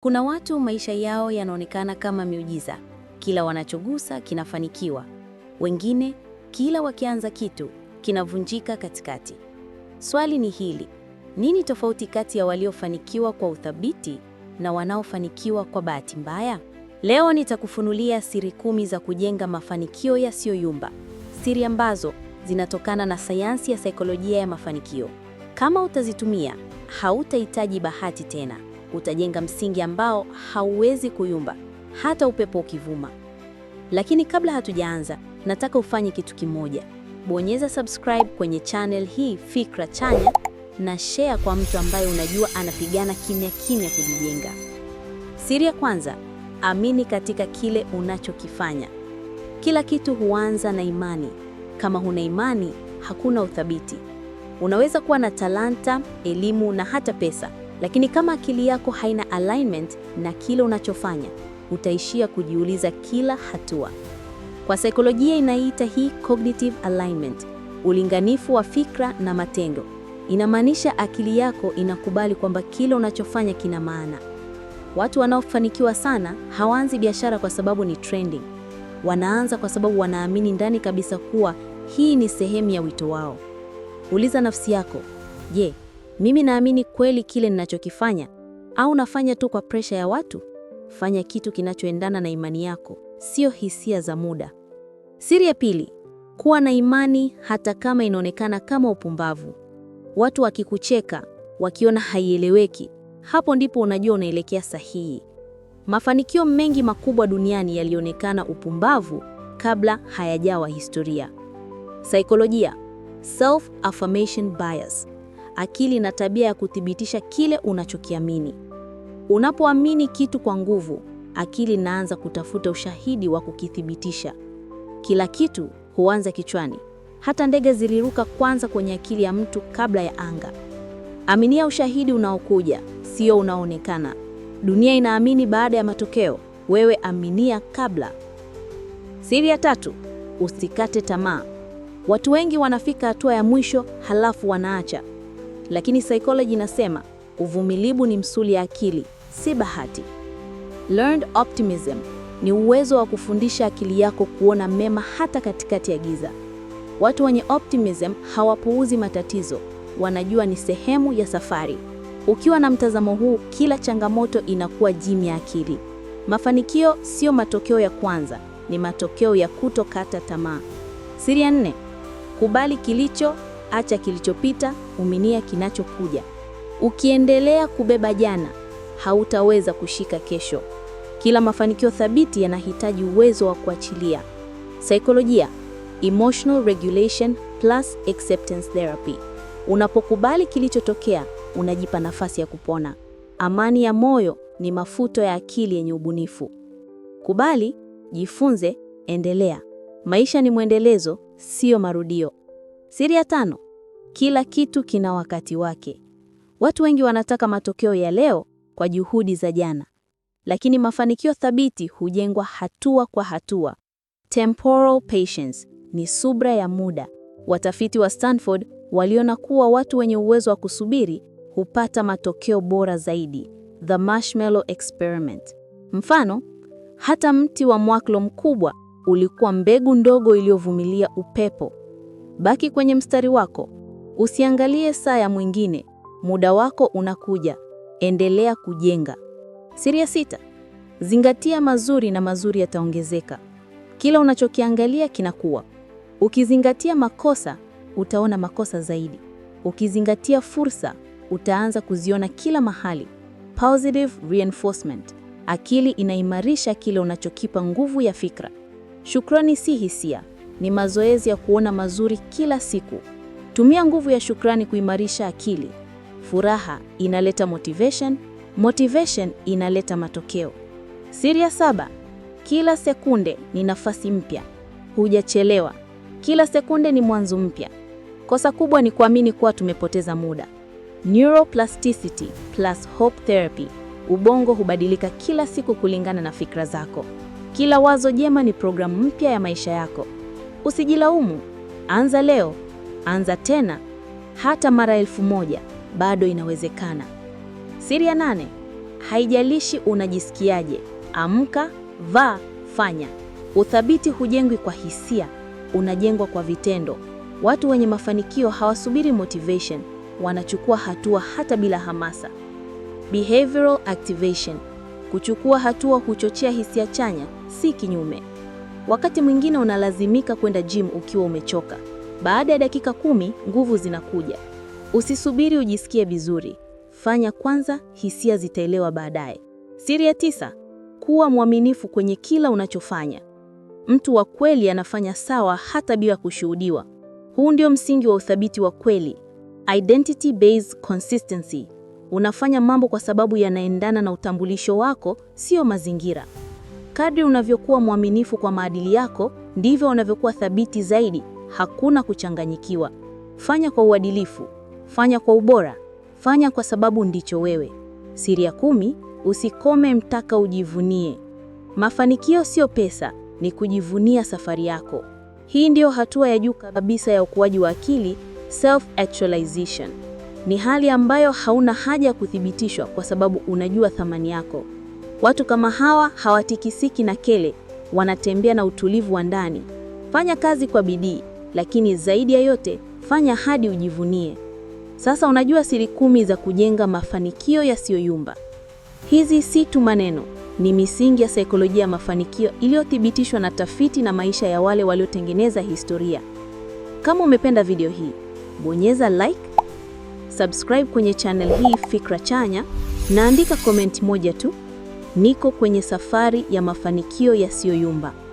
Kuna watu maisha yao yanaonekana kama miujiza, kila wanachogusa kinafanikiwa. Wengine kila wakianza kitu kinavunjika katikati. Swali ni hili: nini tofauti kati ya waliofanikiwa kwa uthabiti na wanaofanikiwa kwa bahati mbaya? Leo nitakufunulia siri kumi za kujenga mafanikio yasiyoyumba, siri ambazo zinatokana na sayansi ya saikolojia ya mafanikio. Kama utazitumia, hautahitaji bahati tena utajenga msingi ambao hauwezi kuyumba hata upepo ukivuma. Lakini kabla hatujaanza, nataka ufanye kitu kimoja. Bonyeza subscribe kwenye channel hii Fikra Chanya na share kwa mtu ambaye unajua anapigana kimya kimya kujijenga. Siri ya kwanza, amini katika kile unachokifanya. Kila kitu huanza na imani. Kama huna imani, hakuna uthabiti. Unaweza kuwa na talanta, elimu na hata pesa lakini kama akili yako haina alignment na kile unachofanya, utaishia kujiuliza kila hatua. Kwa saikolojia inaita hii cognitive alignment, ulinganifu wa fikra na matendo. Inamaanisha akili yako inakubali kwamba kile unachofanya kina maana. Watu wanaofanikiwa sana hawaanzi biashara kwa sababu ni trending. Wanaanza kwa sababu wanaamini ndani kabisa kuwa hii ni sehemu ya wito wao. Uliza nafsi yako, je, mimi naamini kweli kile ninachokifanya, au nafanya tu kwa presha ya watu? Fanya kitu kinachoendana na imani yako, sio hisia za muda. Siri ya pili, kuwa na imani hata kama inaonekana kama upumbavu. Watu wakikucheka, wakiona haieleweki, hapo ndipo unajua unaelekea sahihi. Mafanikio mengi makubwa duniani yalionekana upumbavu kabla hayajawa historia. Saikolojia, self affirmation bias akili na tabia ya kuthibitisha kile unachokiamini. Unapoamini kitu kwa nguvu, akili inaanza kutafuta ushahidi wa kukithibitisha. Kila kitu huanza kichwani. Hata ndege ziliruka kwanza kwenye akili ya mtu kabla ya anga. Aminia ushahidi unaokuja, sio unaoonekana. Dunia inaamini baada ya matokeo, wewe aminia kabla. Siri ya tatu, usikate tamaa. Watu wengi wanafika hatua ya mwisho halafu wanaacha. Lakini psychology inasema uvumilivu ni msuli ya akili, si bahati. Learned optimism ni uwezo wa kufundisha akili yako kuona mema hata katikati ya giza. Watu wenye optimism hawapuuzi matatizo, wanajua ni sehemu ya safari. Ukiwa na mtazamo huu, kila changamoto inakuwa jimu ya akili. Mafanikio sio matokeo ya kwanza, ni matokeo ya kutokata tamaa. Siri ya nne: kubali kilicho acha kilichopita, uminia kinachokuja. Ukiendelea kubeba jana, hautaweza kushika kesho. Kila mafanikio thabiti yanahitaji uwezo wa kuachilia. Saikolojia, emotional regulation plus acceptance therapy. Unapokubali kilichotokea, unajipa nafasi ya kupona. Amani ya moyo ni mafuto ya akili yenye ubunifu. Kubali, jifunze, endelea. Maisha ni mwendelezo, sio marudio. Siri ya tano: kila kitu kina wakati wake. Watu wengi wanataka matokeo ya leo kwa juhudi za jana, lakini mafanikio thabiti hujengwa hatua kwa hatua. Temporal patience ni subra ya muda. Watafiti wa Stanford waliona kuwa watu wenye uwezo wa kusubiri hupata matokeo bora zaidi. The marshmallow experiment. Mfano, hata mti wa mwaklo mkubwa ulikuwa mbegu ndogo iliyovumilia upepo. Baki kwenye mstari wako, usiangalie saa ya mwingine. Muda wako unakuja, endelea kujenga. Siri ya sita: zingatia mazuri na mazuri yataongezeka. Kila unachokiangalia kinakuwa. Ukizingatia makosa, utaona makosa zaidi. Ukizingatia fursa, utaanza kuziona kila mahali. Positive reinforcement. Akili inaimarisha kile unachokipa nguvu ya fikra. Shukrani si hisia ni mazoezi ya kuona mazuri kila siku. Tumia nguvu ya shukrani kuimarisha akili. Furaha inaleta motivation, motivation inaleta matokeo. Siri ya saba: kila sekunde ni nafasi mpya. Hujachelewa, kila sekunde ni mwanzo mpya. Kosa kubwa ni kuamini kuwa tumepoteza muda. Neuroplasticity plus hope therapy. Ubongo hubadilika kila siku kulingana na fikra zako. Kila wazo jema ni programu mpya ya maisha yako. Usijilaumu, anza leo, anza tena, hata mara elfu moja bado inawezekana. Siri ya nane: haijalishi unajisikiaje, amka, vaa, fanya. Uthabiti hujengwi kwa hisia, unajengwa kwa vitendo. Watu wenye mafanikio hawasubiri motivation, wanachukua hatua hata bila hamasa. Behavioral activation: kuchukua hatua huchochea hisia chanya, si kinyume. Wakati mwingine unalazimika kwenda gym ukiwa umechoka. Baada ya dakika kumi nguvu zinakuja. Usisubiri ujisikie vizuri, fanya kwanza, hisia zitaelewa baadaye. Siri ya tisa: kuwa mwaminifu kwenye kila unachofanya. Mtu wa kweli anafanya sawa hata bila kushuhudiwa. Huu ndio msingi wa uthabiti wa kweli, identity based consistency. Unafanya mambo kwa sababu yanaendana na utambulisho wako, sio mazingira. Kadri unavyokuwa mwaminifu kwa maadili yako, ndivyo unavyokuwa thabiti zaidi. Hakuna kuchanganyikiwa. Fanya kwa uadilifu, fanya kwa ubora, fanya kwa sababu ndicho wewe. Siri ya kumi: usikome mtaka ujivunie. Mafanikio sio pesa, ni kujivunia safari yako. Hii ndiyo hatua ya juu kabisa ya ukuaji wa akili, self actualization. Ni hali ambayo hauna haja ya kuthibitishwa kwa sababu unajua thamani yako. Watu kama hawa hawatikisiki na kele, wanatembea na utulivu wa ndani. Fanya kazi kwa bidii, lakini zaidi ya yote fanya hadi ujivunie. Sasa unajua siri kumi za kujenga mafanikio yasiyoyumba. Hizi si tu maneno, ni misingi ya saikolojia ya mafanikio iliyothibitishwa na tafiti na maisha ya wale waliotengeneza historia. Kama umependa video hii, bonyeza like, subscribe kwenye channel hii Fikra Chanya na andika komenti moja tu Niko kwenye safari ya mafanikio yasiyoyumba.